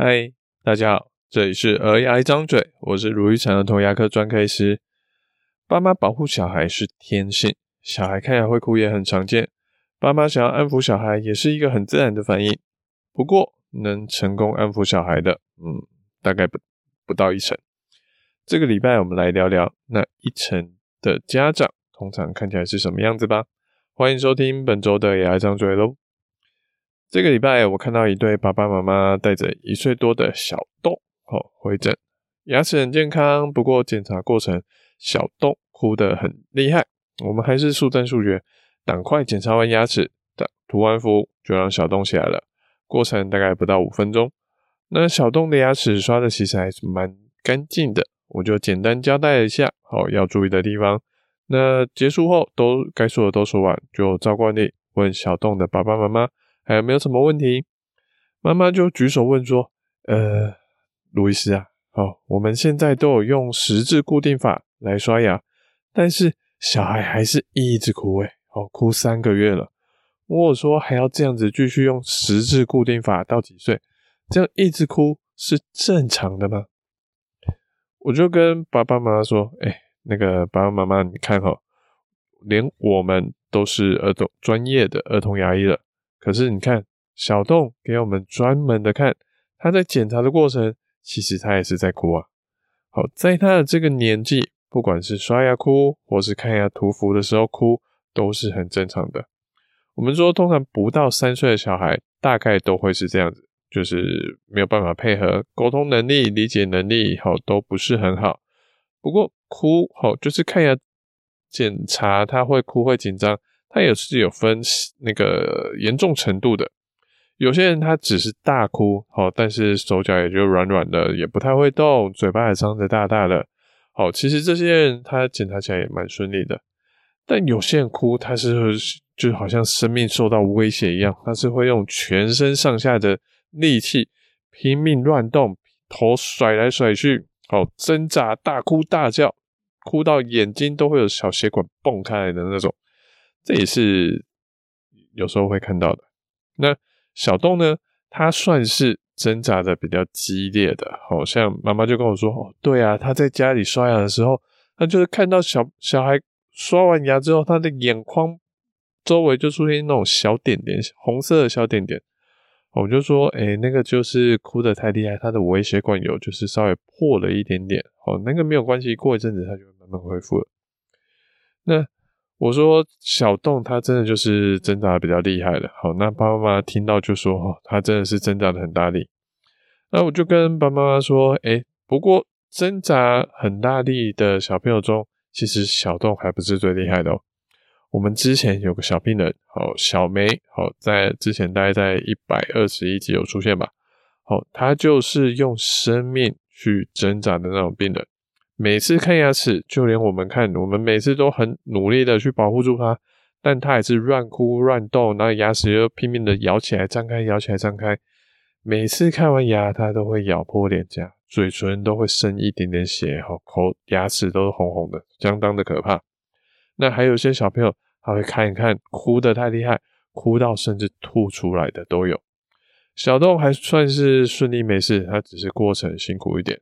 嗨，Hi, 大家好，這裡是兒牙一張嘴，我是如意城兒童牙科專科醫師。爸媽保護小孩是天性，小孩看牙會哭也很常見，爸媽想要安撫小孩也是一個很自然的反應。不過，能成功安撫小孩的，嗯，大概不不到一成。這個禮拜我們來聊聊那一成的家長通常看起來是什麼樣子吧。歡迎收聽本周的兒牙一張嘴嘍。這個禮拜我看到一對爸爸媽媽帶着一歲多的小洞，好回診，牙齒很健康，不過檢查過程小洞哭得很厲害，我們還是速戰速決，趕快檢查完牙齒，打塗完氟就讓小洞起來了，過程大概不到五分鐘。那小洞的牙齒刷得其實還是蠻乾淨的，我就簡單交代了一下，好，要注意的地方。那結束後都該說的都說完，就照慣例問小洞的爸爸媽媽，還有沒有什麼問題？媽媽就舉手問說：“呃，盧醫師啊，好、哦，我們現在都有用十字固定法來刷牙，但是小孩還是一直哭誒、欸，哦，哭三個月了。我說還要這樣子繼續用十字固定法到幾歲？這樣一直哭是正常的嗎？”我就跟爸爸媽媽說：“哎、欸，那個爸爸媽媽，你看哦，連我們都是兒童專業的兒童牙醫了。”可是你看，小洞給我們專門的看，他在檢查的過程，其實他也是在哭啊。好，在他的這個年紀，不管是刷牙哭，或是看牙塗氟的時候哭，都是很正常的。我們說，通常不到三歲的小孩，大概都會是這樣子，就是沒有辦法配合溝通能力、理解能力，好都不是很好。不過哭好，就是看牙檢查，他會哭，會緊張。他也是有分那個嚴重程度的，有些人他只是大哭，好，但是手腳也就軟軟的，也不太會動，嘴巴也張得大大的，好，其實這些人他檢查起來也蠻順利的，但有些人哭，他是就是好像生命受到威脅一樣，他是會用全身上下的力氣拼命亂動，頭甩來甩去，好，掙扎大哭大叫，哭到眼睛都會有小血管蹦開來的那種。這也是有時候會看到的。那小洞呢？他算是掙扎的比較激烈的。好、哦、像媽媽就跟我說：“哦，對啊，他在家裡刷牙的時候，他就是看到小小孩刷完牙之後，他的眼眶周圍就出現那種小點點，紅色的小點點。”我就說：“哎，那個就是哭得太厲害，他的微血管有就是稍微破了一點點。哦，那個沒有關係，過一陣子他就會慢慢恢復了。”那。我說小洞他真的就是掙扎的比較厲害的，好，那爸爸媽媽聽到就說他真的是掙扎的很大力。那我就跟爸爸媽媽說，哎，不過掙扎很大力的小朋友中，其實小洞還不是最厲害的哦。我們之前有個小病人，哦，小梅，好，在之前大概在一百二十一集有出現吧，好，她就是用生命去掙扎的那種病人。每次看牙齒，就連我們看，我們每次都很努力的去保護住它，但它也是亂哭亂動，那牙齒又拼命的咬起來，張開咬起來，張開。每次看完牙，它都會咬破臉頰，嘴唇都會滲一點點血，口牙齒都是紅紅的，相當的可怕。那還有些小朋友，他會看一看，哭得太厲害，哭到甚至吐出來的都有。小豆還算是順利沒事，他只是過程辛苦一點。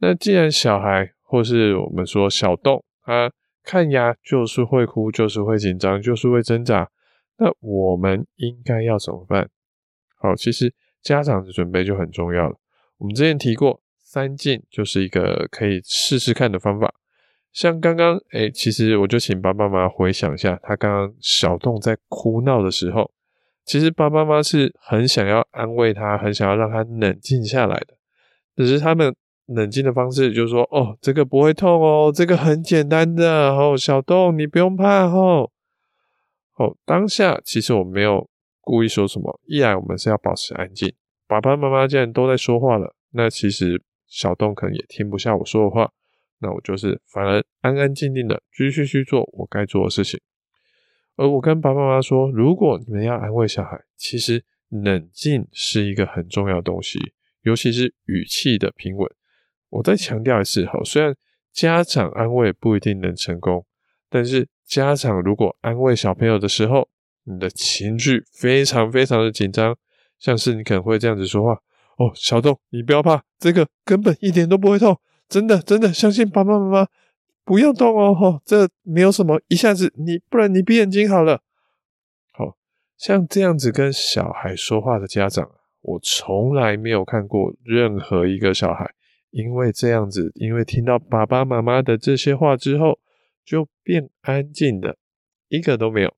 那既然小孩或是我們說小洞啊，他看牙就是會哭，就是會緊張，就是會掙扎，那我們應該要怎麼辦？好，其實家長的準備就很重要了。我們之前提過三靜，就是一個可以試試看的方法。像剛剛，哎，其實我就請爸爸媽媽回想一下，他剛剛小洞在哭鬧的時候，其實爸爸媽媽是很想要安慰他，很想要讓他冷靜下來的，只是他們。冷靜的方式就是說，哦，這個不會痛哦，這個很簡單的，哦，小洞你不用怕，吼、哦，哦，當下其實我沒有故意說什麼，依然我們是要保持安靜。爸爸媽媽既然都在說話了，那其實小洞可能也聽不下我說的話，那我就是反而安安靜靜的繼續去做我該做的事情。而我跟爸爸媽媽說，如果你們要安慰小孩，其實冷靜是一個很重要的東西，尤其是語氣的平穩。我再強調一次，吼，雖然家長安慰不一定能成功，但是家長如果安慰小朋友的時候，你的情緒非常非常的緊張，像是你可能會這樣子說話，哦，小東，你不要怕，這個根本一點都不會痛，真的真的相信爸爸媽媽，不要動哦，吼，這沒有什麼，一下子你，不然你閉眼睛好了，好，像這樣子跟小孩說話的家長，我從來沒有看過任何一個小孩。因為這樣子，因為聽到爸爸媽媽的這些話之後，就變安靜的，一個都沒有。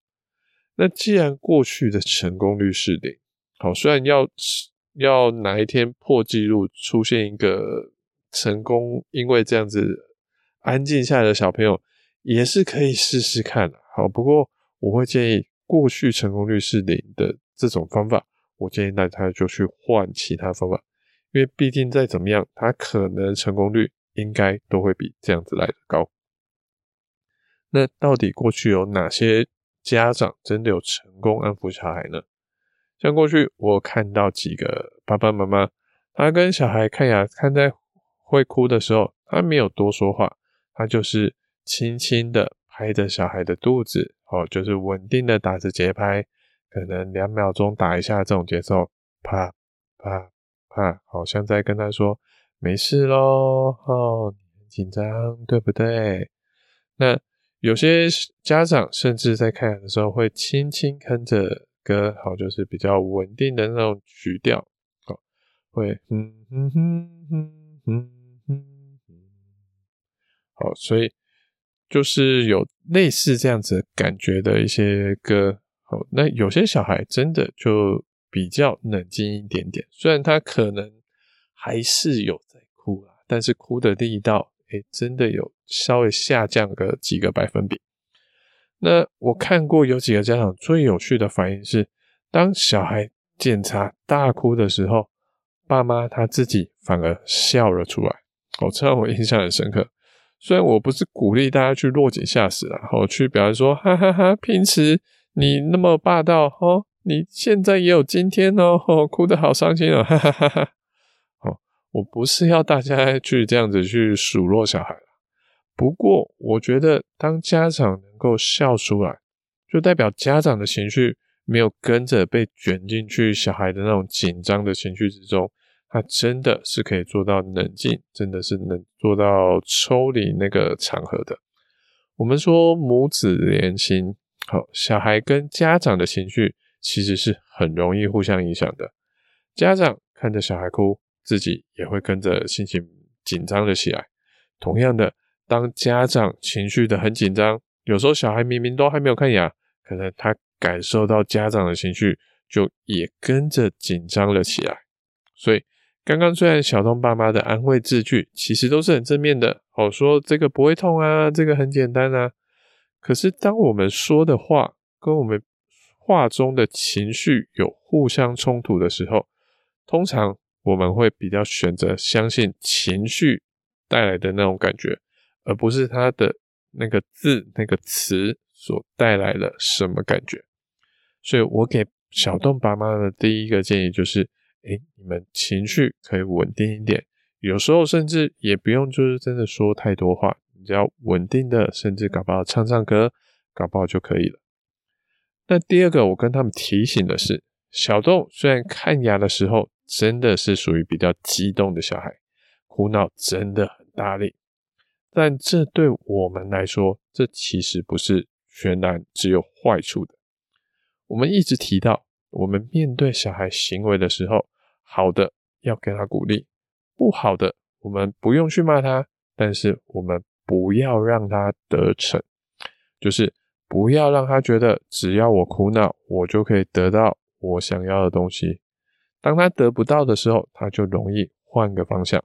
那既然過去的成功率是零，好，雖然要要哪一天破紀錄出現一個成功，因為這樣子安靜下來的小朋友也是可以試試看。好，不過我會建議，過去成功率是零的這種方法，我建議大家就去換其他方法。因為畢竟再怎麼樣，他可能成功率應該都會比這樣子來得高。那到底過去有哪些家長真的有成功安撫小孩呢？像過去我有看到幾個爸爸媽媽，他跟小孩看牙，看在會哭的時候，他沒有多說話，他就是輕輕的拍着小孩的肚子，哦，就是穩定的打着節拍，可能兩秒鐘打一下這種節奏，啪，啪。啊，好像在跟他說沒事咯。哦，你很緊張，對不對？那有些家長甚至在看的時候會輕輕哼着歌，好，就是比較穩定的那種曲調，好、哦，會哼哼哼哼哼哼。好，所以就是有類似這樣子的感覺的一些歌，好，那有些小孩真的就。比較冷靜一點點，雖然他可能還是有在哭、啊、但是哭的力道，誒、欸、真的有稍微下降個幾個百分比。那我看過有幾個家長最有趣的反應是，當小孩檢查大哭的時候，爸媽他自己反而笑了出來。我、哦、這讓我印象很深刻。雖然我不是鼓勵大家去落井下石，然後去，表示說，哈哈哈，哈，平時你那麼霸道，吼、哦。你現在也有今天哦，哭得好傷心哦哈哈哈哈哦，我不是要大家去這樣子去數落小孩，不過我覺得，當家長能夠笑出來，就代表家長的情緒沒有跟着被捲進去小孩的那種緊張的情緒之中，他真的是可以做到冷靜，真的是能做到抽離那個場合的。我們說母子連心，好，小孩跟家長的情緒。其實是很容易互相影響的。家長看着小孩哭，自己也會跟着心情緊張了起來。同樣的，當家長情緒的很緊張，有時候小孩明明都還沒有看牙，可能他感受到家長的情緒，就也跟着緊張了起來。所以，剛剛雖然小東爸媽的安慰字句，其實都是很正面的，好、哦、說這個不會痛啊，這個很簡單啊。可是，當我們說的話跟我們話中的情緒有互相衝突的時候，通常我們會比較選擇相信情緒帶來的那種感覺，而不是它的那個字、那個詞所帶來的什麼感覺。所以，我給小棟爸媽的第一個建議就是：哎、欸，你們情緒可以穩定一點，有時候甚至也不用就是真的說太多話，你只要穩定的，甚至搞不好唱唱歌，搞不好就可以了。那第二個，我跟他們提醒的是，小洞雖然看牙的時候真的是屬於比較激動的小孩，哭鬧真的很大力，但這對我們來說，這其實不是全然只有壞處的。我們一直提到，我們面對小孩行為的時候，好的要給他鼓勵，不好的我們不用去罵他，但是我們不要讓他得逞，就是。不要讓他覺得，只要我哭鬧，我就可以得到我想要的東西。當他得不到的時候，他就容易換個方向。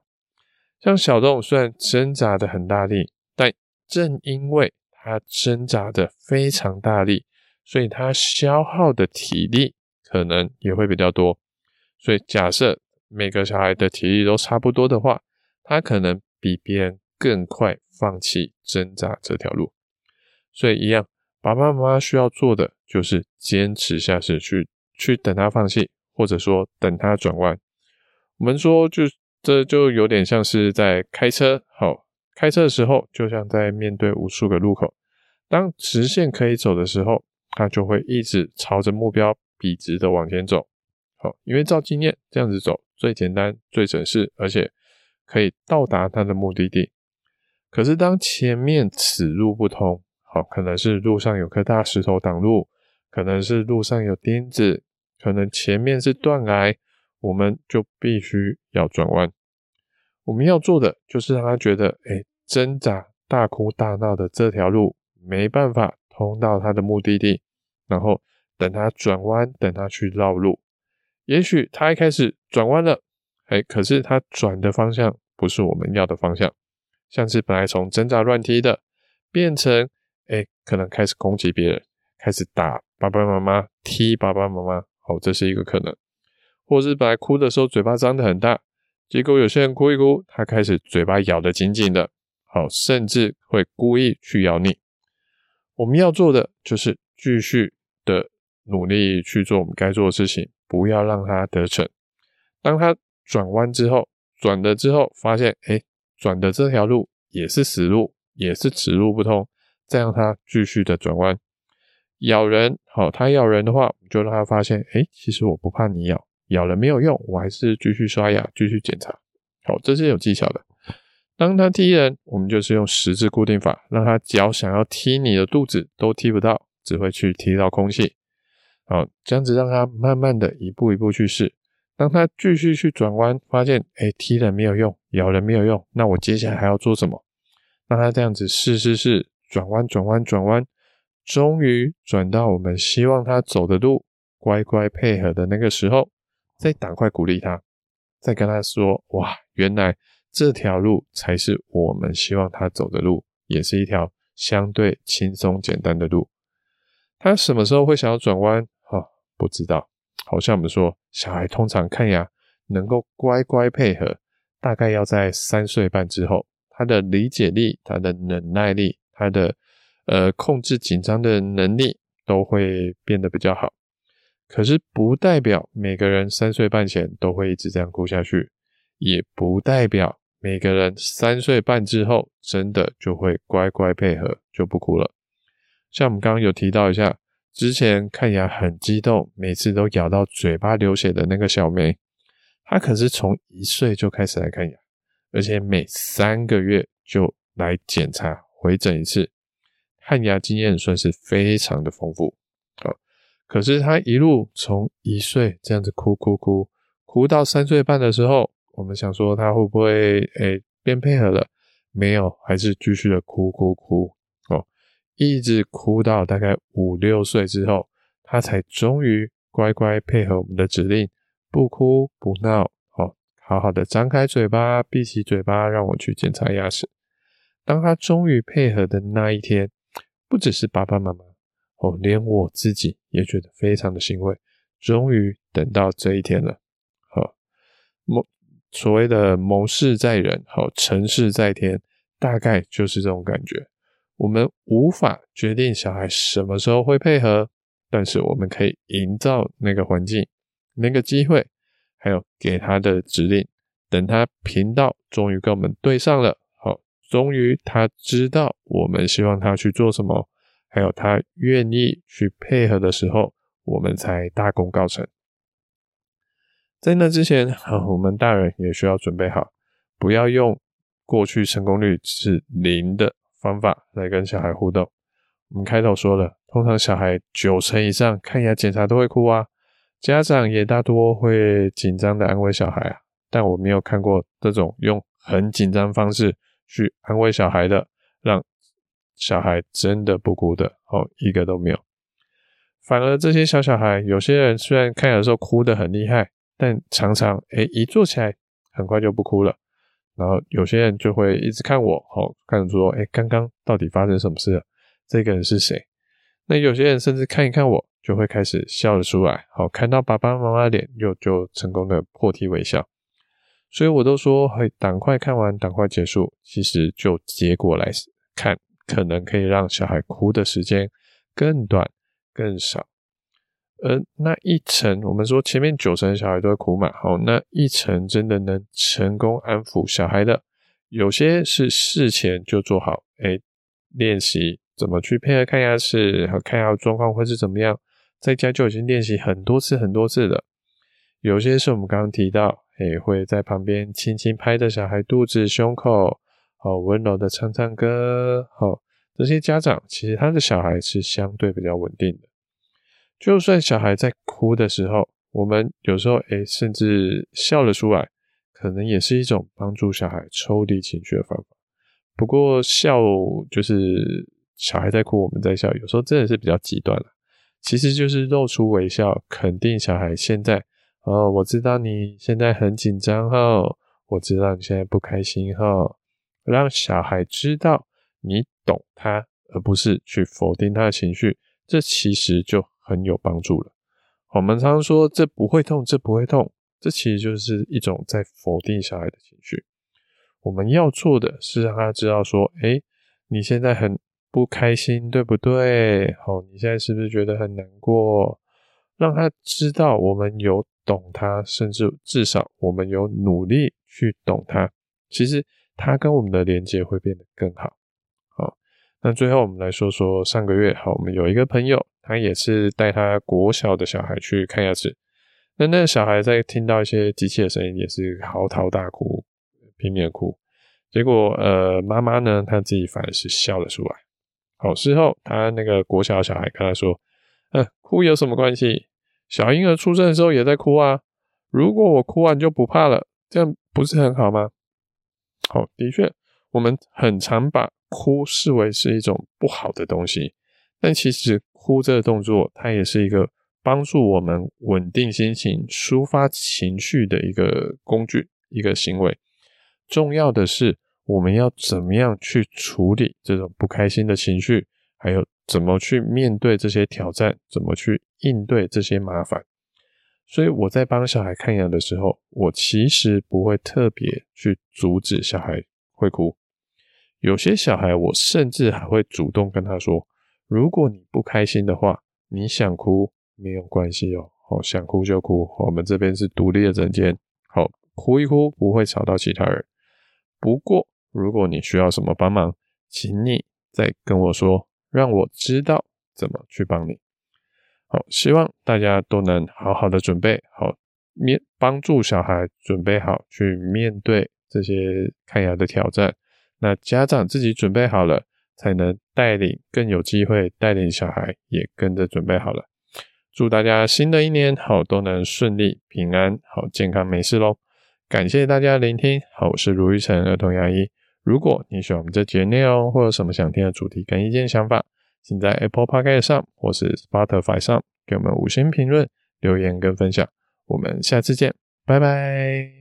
像小動物雖然掙扎的很大力，但正因為他掙扎的非常大力，所以他消耗的體力可能也會比較多。所以假設每個小孩的體力都差不多的話，他可能比別人更快放棄掙扎這條路。所以一樣。爸爸媽媽需要做的就是堅持下去，去去等他放棄，或者說等他轉彎。我們說就這就有點像是在開車，好，開車的時候就像在面對無數個路口。當直線可以走的時候，他就會一直朝着目標筆直的往前走，好，因為照經驗這樣子走最簡單、最省事，而且可以到達他的目的地。可是當前面此路不通。哦，可能是路上有顆大石頭擋路，可能是路上有釘子，可能前面是斷崖，我們就必須要轉彎。我們要做的就是讓他覺得，欸，掙扎大哭大鬧的這條路沒辦法通到他的目的地，然後等他轉彎，等他去繞路。也許他一開始轉彎了，欸，可是他轉的方向不是我們要的方向，像是本來從掙扎亂踢的，變成。可能開始攻擊別人，開始打爸爸媽媽，踢爸爸媽媽，好、哦，這是一個可能。或者是本來哭的時候嘴巴張得很大，結果有些人哭一哭，他開始嘴巴咬得緊緊的，好、哦，甚至會故意去咬你。我們要做的就是繼續的努力去做我們該做的事情，不要讓他得逞。當他轉彎之後，轉的之後發現，哎、欸，轉的這條路也是死路，也是此路不通。再讓它繼續的轉彎咬人，好，它咬人的話，我們就讓它發現，誒，其實我不怕你咬，咬了沒有用，我還是繼續刷牙，繼續檢查，好，這是有技巧的。當它踢人，我們就是用十字固定法，讓它腳想要踢你的肚子都踢不到，只會去踢到空氣。好，這樣子讓它慢慢的一步一步去試。當它繼續去轉彎，發現，誒，踢人沒有用，咬人沒有用，那我接下來還要做什麼？讓它這樣子試，試，試。轉彎，轉彎，轉彎，終於轉到我們希望他走的路，乖乖配合的那個時候，再趕快鼓勵他，再跟他說：“哇，原來這條路才是我們希望他走的路，也是一條相對輕鬆簡單的路。”他什麼時候會想要轉彎？哈、哦，不知道。好像我們說，小孩通常看牙能夠乖乖配合，大概要在三歲半之後，他的理解力，他的忍耐力。他的呃，控制緊張的能力都會變得比較好，可是不代表每個人三歲半前都會一直這樣哭下去，也不代表每個人三歲半之後真的就會乖乖配合，就不哭了。像我們剛剛有提到一下，之前看牙很激動，每次都咬到嘴巴流血的那個小梅，她，可是從一歲就開始來看牙，而且每三個月就來檢查，回診一次，看牙經驗算是非常的豐富。好、哦，可是他一路從一歲這樣子哭哭哭哭到三歲半的時候，我們想說他會不會誒、欸、變配合了？沒有，還是繼續的哭哭哭哦，一直哭到大概五六歲之後，他才終於乖乖配合我們的指令，不哭不鬧、哦，好好好的張開嘴巴、閉起嘴巴，讓我去檢查牙齒。當他終於配合的那一天，不只是爸爸媽媽哦，連我自己也覺得非常的欣慰。終於等到這一天了，好、哦、謀所謂的謀事在人，好成事在天，大概就是這種感覺。我們無法決定小孩什麼時候會配合，但是我們可以營造那個環境、那個機會，還有給他的指令，等他頻道終於跟我們對上了。終於他知道我們希望他去做什麼，還有他願意去配合的時候，我們才大功告成。在那之前，我們大人也需要準備好，不要用過去成功率是零的方法來跟小孩互動。我們開頭說了，通常小孩九成以上，看牙檢查都會哭啊，家長也大多會緊張的安慰小孩啊。但我沒有看過這種用很緊張方式。去安慰小孩的，讓小孩真的不哭的，哦，一個都沒有。反而這些小小孩，有些人雖然看牙的時候哭得很厲害，但常常哎、欸、一坐起來，很快就不哭了。然後有些人就會一直看我，哦，看著說哎剛剛到底發生什麼事了？這個人是誰？那有些人甚至看一看我，就會開始笑了出來。好，看到爸爸媽媽的臉又就成功的破涕為笑。所以我都說，欸、趕快看完，趕快結束，其實就結果來看，可能可以讓小孩哭的時間更短，更少。而那一成，我們說前面九成小孩都會哭嘛，好，那一成真的能成功安撫小孩的，有些是事前就做好，哎、欸，練習怎麼去配合看牙齒，和看牙狀況會是怎麼樣，在家就已經練習很多次，很多次了。有些是我們剛剛提到。也會在旁邊輕輕拍着小孩肚子、胸口，好溫柔的唱唱歌。好，這些家長其實他的小孩是相對比較穩定的。就算小孩在哭的時候，我們有時候誒甚至笑了出來，可能也是一種幫助小孩抽離情緒的方法。不過笑就是小孩在哭，我們在笑，有時候真的是比較極端了。其實就是露出微笑，肯定小孩現在。哦，我知道你現在很緊張哦，我知道你現在不開心哦，讓小孩知道你懂他，而不是去否定他的情緒，這其實就很有幫助了。我們常說這不會痛，這不會痛，這其實就是一種在否定小孩的情緒。我們要做的是讓他知道說，誒，你現在很不開心，對不對？好，哦，你現在是不是覺得很難過？讓他知道我們有懂他，甚至至少我們有努力去懂他，其實他跟我們的連接會變得更好。好，那最後我們來說說上個月，好，我們有一個朋友，他也是帶他國小的小孩去看牙齒，那那個小孩在聽到一些機器的聲音也是嚎啕大哭、拼命哭，結果呃媽媽呢，他自己反而是笑了出來。好，事後他那個國小的小孩跟他說，嗯、呃，哭有什麼關係？小嬰兒出生的時候也在哭啊，如果我哭完就不怕了，這樣不是很好嗎？好、哦，的確，我們很常把哭視為是一種不好的東西，但其實哭這個動作，它也是一個幫助我們穩定心情、抒發情緒的一個工具、一個行為。重要的是，我們要怎麼樣去處理這種不開心的情緒？還有怎麼去面對這些挑戰，怎麼去應對這些麻煩。所以我在幫小孩看牙的時候，我其實不會特別去阻止小孩會哭。有些小孩，我甚至還會主動跟他說：“如果你不開心的話，你想哭沒有關係哦，好、哦、想哭就哭。我們這邊是獨立的診間，好、哦、哭一哭不會吵到其他人。不過如果你需要什麼幫忙，請你再跟我說。”讓我知道怎麼去幫你。好，希望大家都能好好的準備好，面，幫助小孩準備好去面對這些看牙的挑戰。那家長自己準備好了，才能帶領，更有機會帶領小孩也跟着準備好了。祝大家新的一年，好，都能順利平安，好，健康沒事嘍。感謝大家的聆聽。好，我是盧昱丞兒童牙醫。如果你喜歡我們這集內容，或有什麼想聽的主題跟意見想法，請在 Apple Podcast 上或是 Spotify 上給我們五星評論、留言跟分享。我們下次見，拜拜。